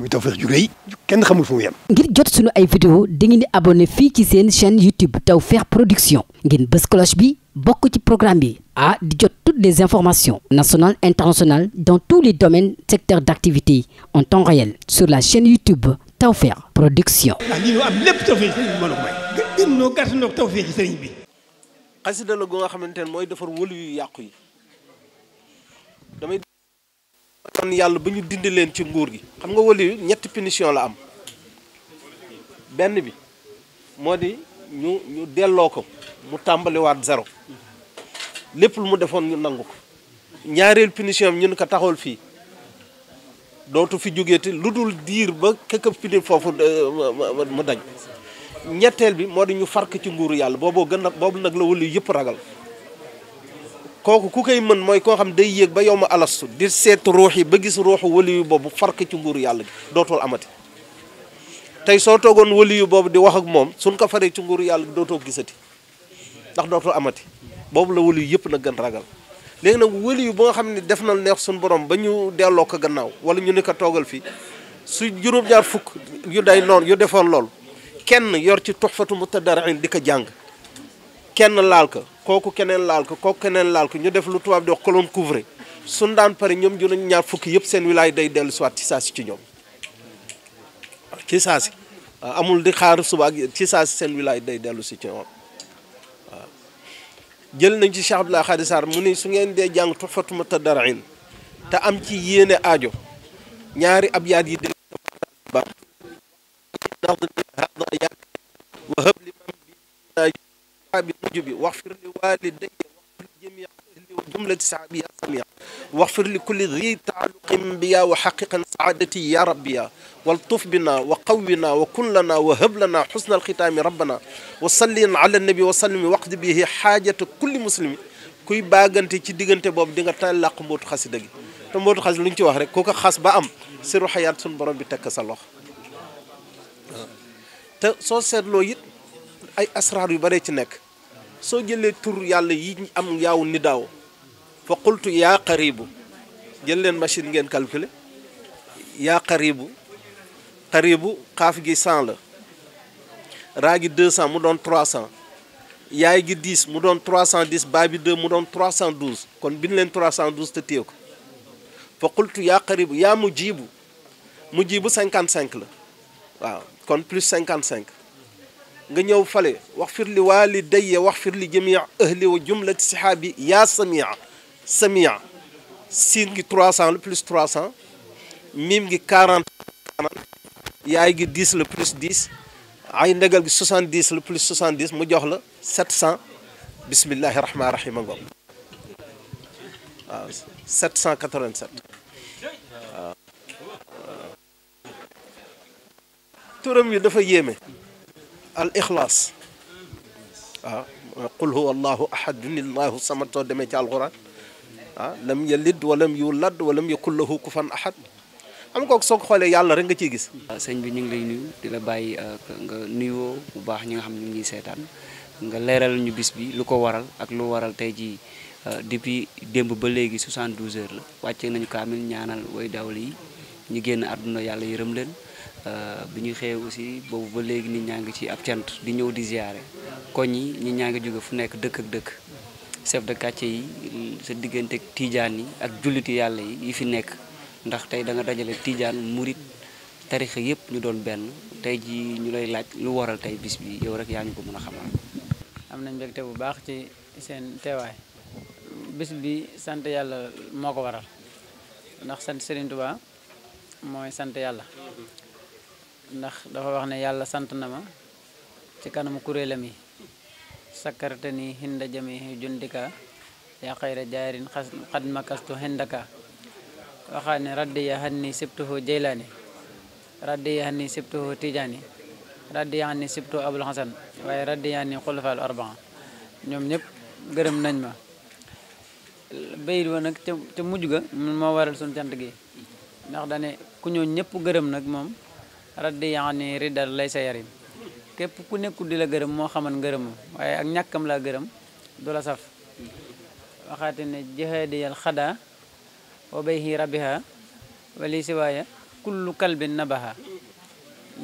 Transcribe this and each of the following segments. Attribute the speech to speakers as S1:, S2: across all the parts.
S1: muy Tawfekh ju rëy kenn xamul fu ngir
S2: jot sunu ay vidéo dangeen di abonné fii ci seen chaîne YouTube Tawfekh Production ngeen bës cloche bi bokk ci programme bi a di jot toutes les informations nationales internationales dans tous les domaines secteurs d'activité en temps réel sur la chaîne YouTube Tawfekh Production.
S1: ah lii ñu am lépp Tawfekh sëriñ a may. gën noo gàtt noo la goo nga xamante ne mooy defar wëlu yu yi kon yàlla ba ñu dindi leen ci nguur gi xam nga waliyu ñetti punition la am benn bi moo di ñu ñu delloo ko mu tàmbaliwaat zéro lépp lu mu defoon ñu nangu ko ñaareel punition bi ñun ko taxawal fii dootu fi jógeeti lu dul diir ba këkëb pini foofu euh, euh, mu dañ ñetteel bi moo di ñu fark ci nguuru yàlla booboo gën a boobu nag la waliyu yëpp ragal kooku ku koy mën mooy koo xam day yéeg ba yow ma alastu di seet ruux yi ba gis ruuxu waliyu boobu fark ci nguur yàlla dootoo amati tey soo toogoon waliyu boobu di wax ak moom suñ ko faree ci nguuru yàlla gi dootoo gisati ndax dootul amati boobu la waliyu yëpp nag gën ragal léegi nag waliyu boo xam ne def na neex suñu borom ba ñu delloo ko gannaaw wala ñu ne ko toogal fii su juróom jaar fukk yu day noonu yu defoon lool kenn yor ci tuxfatu mutadarrin di ko jàng kenn laal ko kooku keneen laal ko kooku keneen laal ko ñu def lu tubaab di wax colonne couvrée suñ daan pare ñoom junañ ñaar fukki yëpp seen wilaay day dellu siwaat ci saa si ci ñoom ci saa si amul di xaar suba ak ci saa si seen wilaay day dellusi si ci ñoom jël nañ ci Cheikh Abdoulaye laa Sarr mu ni su ngeen dee jàng tuxfatuma ta darain te am ci yéene aajo ñaari ab yaat yi dé ba saabi mujj bi wax fir li waalidayya wax fir li jamii ahli wa jumlati saabi ya samia wax fir li kulli di taaluqin biya wa xaqiqan saadati ya rabbiya wal tuf bina wa qawwina wa kun lana wa hëb lana xusna alxitaami rabbana wa sallin ala nabi wa sallimi waqdi bihi xaajata kulli muslimi kuy baagante ci diggante boobu di nga taal làq mbootu xasida gi te mbootu xasida lu ñu ci wax rek kooka xas ba am siru xayaat suñ borom bi tekk sa lox te soo seetloo it ay asraar yu bare ci nekk soo jëlee tur yàlla yi am yaaw ni daaw fa qultu yaa qaribu jël leen machine ngeen calculer yaa qaribu qaribu xaaf gi 100 la raa gi 200 mu doon 300 yaay gi 10 mu doon 310 baa bi 2 mu doon 312 kon bind leen 312 te téye ko fa qultu yaa qaribu yaa mujibu mujibu 55 la waaw kon plus 55 nga ñëw fale wax fir li wax fir li jamia ahli wa jumlati sihaabi yaa samia samia siin gi 300 le plus 300 miim gi 40 yaay gi 10 le plus 10 ay ngi gi 70 le plus 70 mu jox la 700 bismillahi rahmaani rahim a ngoog waaw dafa yéeme al ixlaas waaw ah, qul huwa allahu ahadun allahu sama soo demee ci alxuraan ah lam yalid walam yulad walam yakul lahu kufan ahad am kook soo ko xoolee yàlla rek nga ciy gis. Ah, sëñ bi ñu ngi lay nuyu di la bàyyi ah, nga nuyoo bu baax ñi nga xam ne ñu ngi seetaan
S3: nga leeral ñu bis bi lu ko waral ak lu waral tey jii depuis démb ba léegi 72 heures la wàccee nañu kaamil ñaanal way dawle yi ñu génn àdduna yàlla yërëm leen. Euh, bi ñu xëyee aussi boobu ba léegi nit ñaa ngi ci ab cant di ñëw di ziare koñ yi nit ñaa ngi jóge fu nekk dëkk ak dëkk sef de quartier yi sa diggante ak tiijaan yi ak julliti yàlla yi yi fi nekk ndax tey da nga dajale tiijaan murit tarixa yëpp ñu doon benn tey ji ñu lay laaj lu waral tey bis bi yow rek yaa ñu ko mun a xamal.
S2: am nañ mbégte bu baax ci seen teewaay bis bi sant yàlla moo ko waral ndax sant Serigne Touba mooy sant yàlla ndax dafa wax ne yàlla sant na ma ci kanamu kuréelam yi sakkarta ni hinda jami jundika yaa xayra jaarin xad makastu hindaka waxaa ne raddiya hanni sibtuhu jeylaani abul xasan waaye raddiya hanni xulafaalu ñoom ñëpp gërëm nañ ma bayit wa nag ca mujj ga moo waral suñu cant gi ndax dane ku ñoo ñëpp gërëm nag moom raddi yaani riddal lay sa yarim képp ku nekkul di la gërëm moo xaman ngërëmam waaye ak ñàkkam laa gërëm du la saf waxaate ne jihadiyal xada wa bayhi rabiha wali siwaaya kullu kalbin nabaha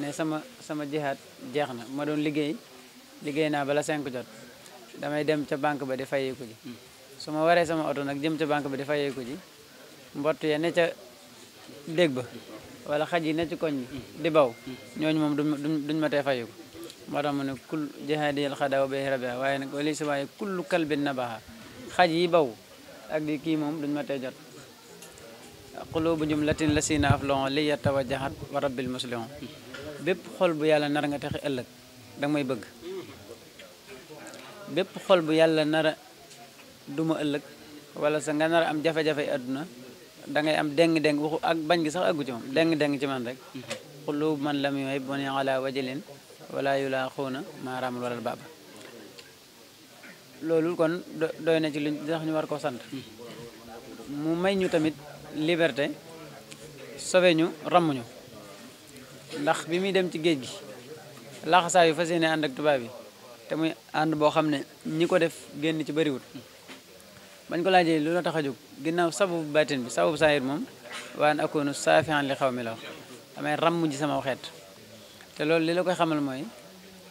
S2: ne sama sama jihaat jeex na ma doon liggéey liggéey naa bala 5 jot damay dem ca banque ba di fayeeku ji su ma waree sama oto nag jëm ca banque ba di fayeeku ji mbott ya ne ca dég ba wala xaj yi ne ci koñ bi di baw ñooñu moom duñ ma tee fayu ko moo tax mu ne kul jihaadiyal waaye nag wali si waaye kullu kalbin na baaxa xaj yi baw ak di kii moom duñ ma tee jot xuloo bu jum latin la sina af lon li yettawa jaxat wa rabbil muslihon bépp xol bu yàlla nar nga texi ëllëg danga may bëgg bépp xol bu yàlla nara duma ëllëg wala sa nga nara am jafe-jafe àdduna dangay am deng-deng waxu ak bañ gi sax aggu ci moom deng-deng ci man rek xulub man lam yoy bon ala wajalin wala yu laa xuuna maaraamul walal baaba loolu kon doy na ci luñ sax ñu war koo sant mu may ñu tamit liberté sobe ñu ramm ñu ndax bi muy dem ci géej gi laxasaa yu fas yéene ànd ak tubaab yi te muy ànd boo xam ne ñi ko def génn ci bariwul bañ ko laajee lu la tax a jóg ginnaaw sababu baatin bi sababu saayir moom waan akoonu saafihan li xaw mi la wax damay ràmm ji sama waxeet te loolu li la koy xamal mooy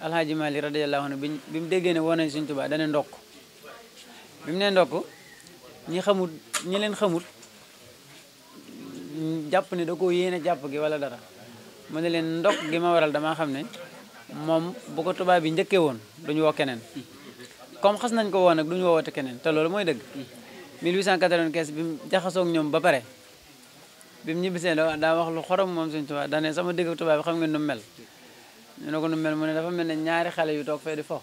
S2: alhaaji Maalik radiyallaahu anhu bi mu déggee ne woo nañ suñ Tuubaa dane ndokk bi mu ne ndokk ñi xamut ñi leen xamut jàpp ne da koo yéene jàpp gi wala dara mu ne leen ndokk gi ma waral damaa xam ne moom bu ko tubaab bi njëkkee woon duñu woo keneen comme xas nañ ko woo nag du ñu woote keneen te loolu mooy dëgg 1895 bi mu jaxasoog ñoom ba pare bi mu ñibbisee daa wax lu xorom moom suñ tubaab daa ne sama dégg tubaab bi xam ngeen nu mel ñu ne ko nu mel mu ne dafa mel ne ñaari xale yu toog fee di fo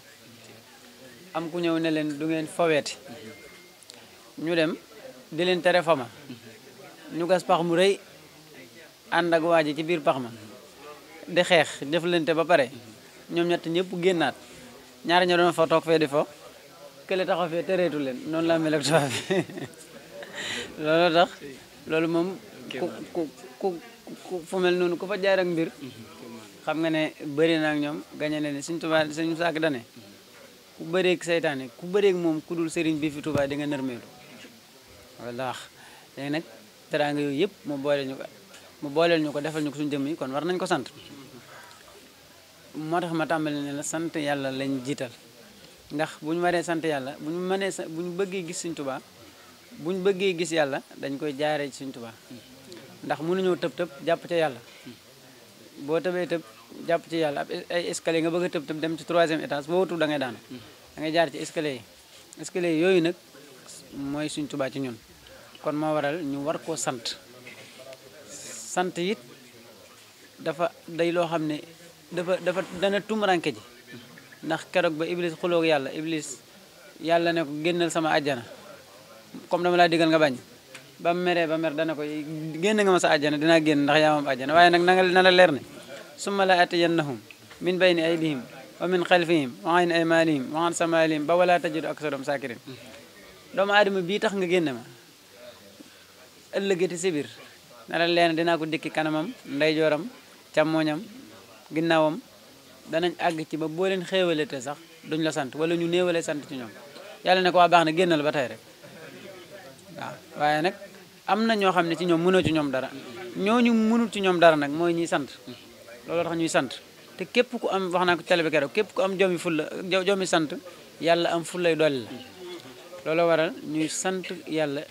S2: am ku ñëw ne leen du ngeen foweeti ñu dem di leen tere fama ñu gas pax mu rëy ànd ak waa ji ci biir pax ma di xeex jëflante ba pare ñoom ñett ñëpp génnaat ñaari ñoo doon toog fee kële taxaw fee tereetu leen noonu laa mel ak tubaab bi loolu tax loolu moom ku ku ku fu mel noonu ku fa jaar ak mbir mhm, xam nga ne bëri na ñoom gañe ne ne suñ tubaab suñ saak dane mhm. ku bëreeg seytaane ku bëreeg moom ku dul sëriñ bi fi tubaab di nga nërmeelu wala léegi nag teraanga yooyu yëpp mu booleel ñu ko mu booleel ñu ko defal ñu ko suñu jëmm yi kon war nañ ko sant mhm. moo tax ma tàmbali ne la sant yàlla lañ jiital ndax bu ñu waree sant yàlla bu ñu mënee sa bu ñu bëggee gis suñ tubaa bu ñu bëggee gis yàlla dañ koy jaaree ci suñ tubaa ndax mënuñoo tëb tëb jàpp ca yàlla boo tëbee tëb jàpp ci yàlla ab ay escalier nga bëgg a tëb tëb dem ci troisième étage boo wutul da ngay daanu da ngay jaar ci escalier yi escalier yooyu nag mooy suñ tubaa ci ñun kon moo waral ñu war koo sant sant it dafa day loo xam ne dafa dafa dana tumuranke ji ndax keroog ba iblis xuloog yàlla iblis yàlla ne ko génnal sama àjjana comme dama laa digal nga bañ ba mu meree ba mer dana ko génn nga ma sa àjjana dinaa génn ndax yaa ma am àjjana waaye nag nanga na la leer ne summa la atiyannahum min bayni aydihim wa min xalfihim wa an aymanihim wa an samalihim ba wala tajidu aksarum saakirin doomu aadama bi tax nga génne ma ëllëgati si biir na leen leer dinaa ko dikki kanamam ndeyjooram càmmooñam ginnaawam danañ àgg ci ba boo leen xéewale te sax duñ la sant wala ñu néewale sant ci ñoom yàlla ne ko waa baax na génnal ba tey rek waaw waaye nag am na ñoo xam ne ci ñoom mënoo ci ñoom dara ñoo ñu mënul ci ñoom dara nag mooy ñuy sant looloo tax ñuy sant te képp ku am wax naa ko keroog képp ku am joomi fulla joomi sant yàlla am fullay dolli la loolu waral ñuy sant yàlla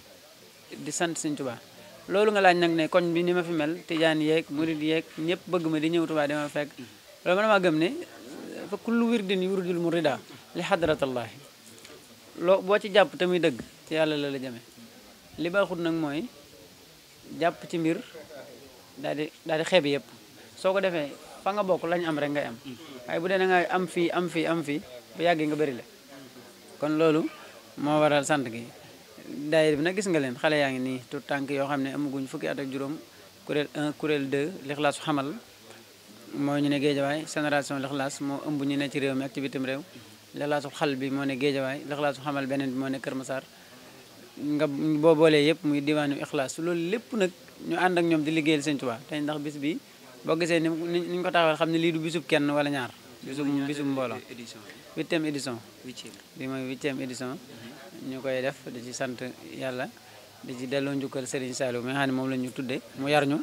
S2: di sant Sëñ Tuubaa loolu nga laaj nag ne koñ bi ni ma fi mel tijaan yeeg murid yeeg ñëpp bëgg ma di ñëw Tuubaa di ma fekk loolu man maa gëm ne fa kullu wirdin yuridul murida li xadratallahi loo boo ci jàpp te muy dëgg ci yàlla la la jame li baaxut nag mooy jàpp ci mbir daal di daal xeeb yëpp soo ko defee fa nga bokk lañ am rek ngay am waaye bu dee da nga am fii am fi am fii bu yàggee nga bari la kon loolu moo waral sant gi daayira bi nag gis nga leen xale yaa ngi nii tout tànk yoo xam ne amaguñ fukki at ak juróom kuréel 1 kuréel 2 lixlaasu xamal mooy ñu ne géejawaay génération lixlaas moo ëmb ñu ne ci réew mi ak ci bitim réew lixlaasu xal bi moo ne géejawaay lixlaasu xamal beneen bi moo ne Kër Masaar nga boo boolee yëpp muy diwaanu ixlaas loolu lépp nag ñu ànd ak ñoom di liggéeyal Sëñ Tuubaa te ndax bis bi boo gisee ni ñu ko taxawal xam ne lii du bisub kenn wala ñaar bisub bisub mbooloo huitième édition bi mooy huitième édition ñu koy def di ci sant yàlla di ci delloo njukkal Serigne Saliou mi nga moom la ñu tudde mu yar ñu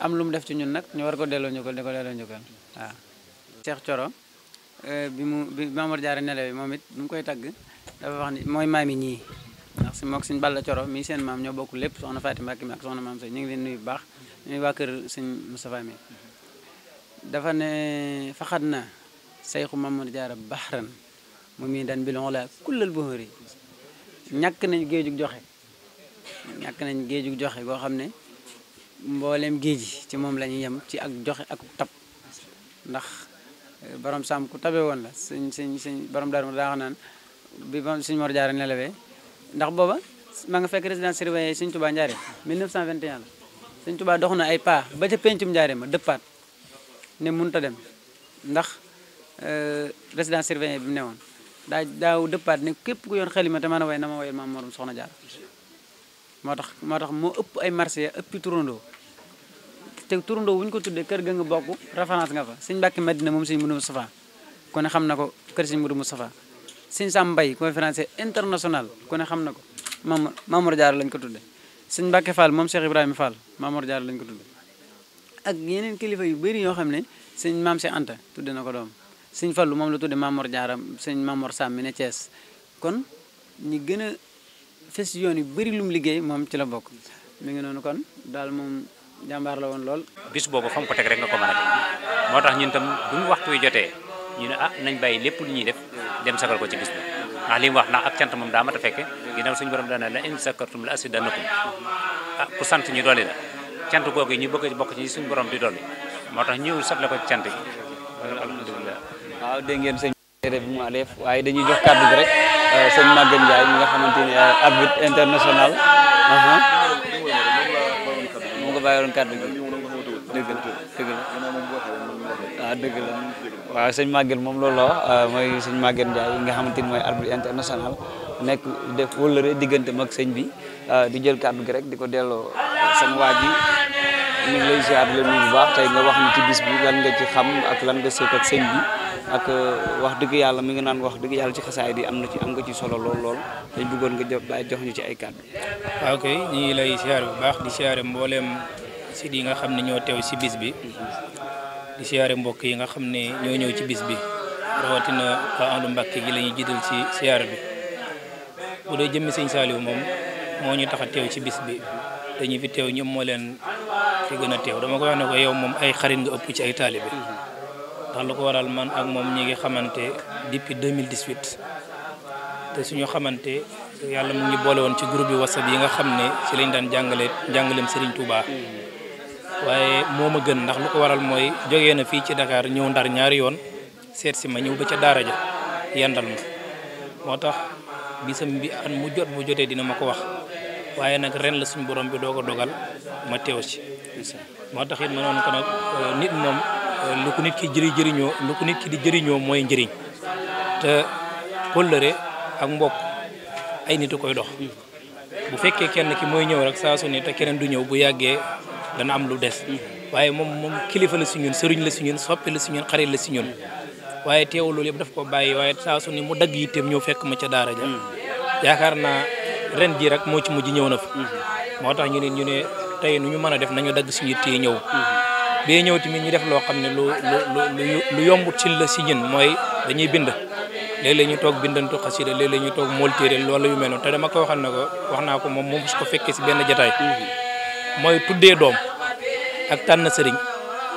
S2: am lu mu def ci ñun nag ñu war ko delloo njukkal di ko delloo njukkal waaw. seex Thioro euh, bi mu bi Mamour Diarra nelawee moom it bi mu koy tagg dafa wax ni mooy maam yi ñii ndax si moog suñu mii seen maam ñoo bokk lépp soxna Fatim Mbacké mi ak soxna maam ngi leen nuyu baax nuyu waa kër sëñ Moustapha mi dafa ne faxat na sayxu Mamour Diarra baxran mu mii daan bi lon la kullal yi ñàkk nañ géejug joxe ñàkk nañ géejug joxe goo xam ne mboolem géej gi ci moom la ñuy yem ci ak joxe ak tab ndax eh, borom saam ku tabe woon la suñ suñ suñ borom daaru daa naan bi ba suñ Mor Jaara nelawee ndax booba ma nga fekk résidence surveillée suñ Touba Ndiarème 1921 la suñ Touba dox na ay pas ba ca pencum ma dëppaat ne mënut a dem ndax eh, résidence surveillée bi mu ne woon daa daaw dëppaat ne képp ku yoon xel ma te mën a way na ma wayal maam morom soxna Jaara moo tax moo ëpp ay marché ëppi turandoo te turandoo bu ko tuddee kër ga nga bokk référence nga fa sëñ Mbàkke Madina moom sëñ Mudu Mustafa ku ne xam na ko kër sëñ Mudu Mustafa sëñ Sam Mbay conférencier international kon ne xam na ko Maam Maamor Jaara lañ ko tuddee sëñ Mbàkke Fall moom Cheikh Ibrahima Fall Maamor Jaara lañ ko tuddee ak yeneen kilifa yu bëri yoo xam ne sëñ Maam Cheikh Anta tudde na ko doom sëñ Fallu moom la tudde Maamor Jaara sëñ Maamor Sam mi ne Thiès fes yoon yu bëri lu mu liggéey moom ci la bokk mi ngi noonu kon daal moom jàmbaar la woon lool.
S4: bis boobu fa ko teg rek
S3: nga ko mën a def moo tax ñu ne ah nañ ko ci li mu wax ndax ak cant moom daa mat a fekke ginnaaw suñu borom dana la in sakartum la asidanakum ah ku sant ñu dolli la cant googu ñu bëgg bokk ci suñu moo tax ñëw sat la ko cant gi alhamdulilah waaw dégg ngeen sëñ bi mu def waaye dañuy jox kàddu bi rek euh, sëñ Maguette Ndiaye mi ak arbitre international. mu ko bàyyi woon kàddu gi dëgg la ah, la waaw dëgg la sëñ Maguette moom loolu la wax ah, mooy sëñ Maguette Ndiaye nga xamante ni mooy arbitre international nekk def wëllëre diggante mag sëñ bi ah, di jël kàddu gi rek di ko delloo sama waa bi ñu ngi lay ziar leen bu baax tey nga wax ni ci bis bi lan nga ci xam ak lan nga seet ak sëñ bi ak euh, wax dëgg yàlla mu nga naan wax dëgg yàlla ci xasaay bi am na ci am solo lool lool dañ bëggoon nga jox bàyyi jox ñu ci ay kàddu.
S4: waaw ah, kay ñu ngi lay ziar bu baax di ziare mbooleem si yi nga xam ne ñoo teew si bis bi di mbokk yi nga xam ne ñoo ñëw ci bis bi rawatina waa àndu Mbàkke gi la ñuy jiital si ziar bi bu dee jëmmi sëñ Saliou moom moo ñu tax teew ci bis bi dañu fi teew ñoom moo leen ki gën a teew dama koy wax ne ko yow moom ay xarit nga ëpp ci ay taalibe ndax lu ko waral man ak moom ñi ngi xamante depuis 2018 te suñu xamante yàlla mu ngi boole woon ci groupe bi whatsapp yi nga xam ne ci lañ daan jàngale jàngaleem Serigne Touba waaye moo ma gën ndax lu ko waral mooy jógee na fii ci Dakar ñëw ndar ñaari yoon seet si ma ñëw ba ca daara ja yandal ma moo tax bisam bi an mu jot bu jotee dina ma ko wax waaye nag ren la suñu borom bi doo ko dogal ma teew ci moo tax it ma noonu ko nag euh, nit moom euh, lu ko nit ki jëriñoo lu nit ki di jëriñoo mooy njëriñ te kóllëre ak mbokk ay nit koy dox bu fekkee kenn ki mooy ñëw rek saa su te keneen du ñëw bu yàggee dana am lu des waaye moom moom kilifa la si ñun sëriñ la si ñun soppe la si ñun xarit la si ñun waaye teewul loolu yëpp daf ko bàyyi waaye saa su mu dagg yitteem ñëw fekk ma ca daara ja hmm. yaakaar naa ren jii rek moo ci mujj ñëw na fa. Mhm. moo tax ñu ne ñu ne tey nu ñu mën a def nañu dagg si suñu téye ñëw. Mhm. bee ñëw tamit ñu def loo xam ne lu lu lu yombut ci la si ñun mooy dañuy bind. léeg-léeg ñu toog bindantu xasida léeg-léeg ñu toog mool téere loolu yu mel noonu te dama ko waxal na ko wax naa ko moom moom su ko fekkee si benn jataay mhm. mooy tuddee doom ak tànn sëriñ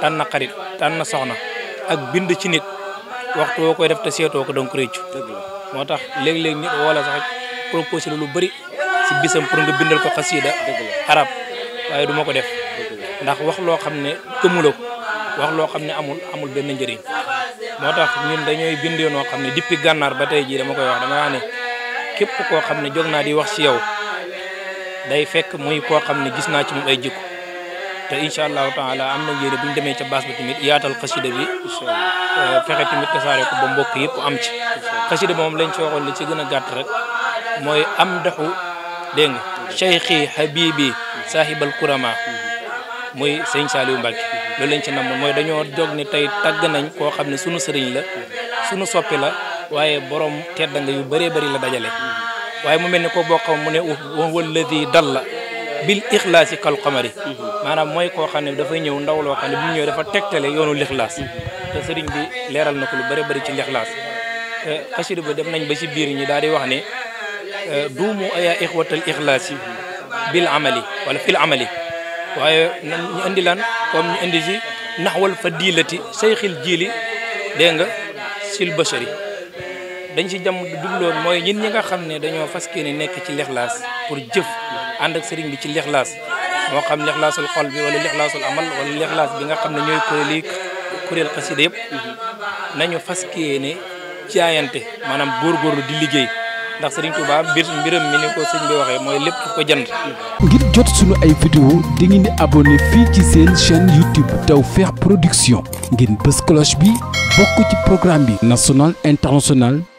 S4: tànn xarit tànn soxna ak bind ci nit waxtu woo koy def te seetoo ko donk réccu moo tax léeg-léeg nit sax proposé lu bëri si bisam pour nga bindal ko xasida arab waaye du ma ko def ndax wax loo xam ne gëmuloo wax loo xam ne amul amul benn njëriñ moo tax ñun dañuy bindee noo xam ne depuis gànnaar ba tey jii dama koy wax dama wax képp koo xam ne jog naa di wax si yow day fekk muy koo xam ne gis naa ci moom ay jikko te incha allahu taala am na yéene bu ñu demee ca baas bi tamit yaatal xasida bi fexe tamit tasaare ko ba mbokk yëpp am ci xasida moom lañ ci waxoon ci gën a gàtt rek mooy am daxu dégg nga cheikhi habibi saahibal kurama muy sëñ Saliou Mbacke loolu lañ ci moom mooy dañoo jóg ni tey tàgg nañ koo xam ne sunu sëriñ la sunu soppi la waaye borom tedd nga yu bëree bëri la dajale waaye mu mel ni ko boo xam mu ne walladi dalla bil ixlaasi kal qamari maanaam mooy koo xam ne dafay ñëw ndaw loo xam ne bu ñëw dafa tegtale yoonu lixlaas te sëriñ bi leeral na ko lu bëri bëri ci lixlaas xasida ba dem nañ ba ci biir ñi daal di wax ne Euh, duumu yaa ixwatal ixlaasi bil amali wala fil amali waaye ñu indi lan comme ñu indi si naxwal fadilati sayxil jiili dégg nga sil bashari dañ si jàmm dugloon mooy ñin ñi nga xam ne dañoo fas yéene nekk ci lixlaas pour jëf ànd ak sëriñ bi ci lixlaas moo xam lixlaasul xol bi wala lixlaasul amal wala lixlaas bi nga xam ne ñooy kuréel yi kuréel xasida yëpp nañu fas yéene jaayante maanaam góor góorgóorlu di liggéey ndax Serigne baa mbir mbiram mi ni ko sëñ bi waxee mooy lépp ko jënd.
S1: ngir jot sunu ay vidéo di ngeen di abonné fii ci seen chaîne YouTube feex Production ngir bës cloche bi bokk ci programme bi national international.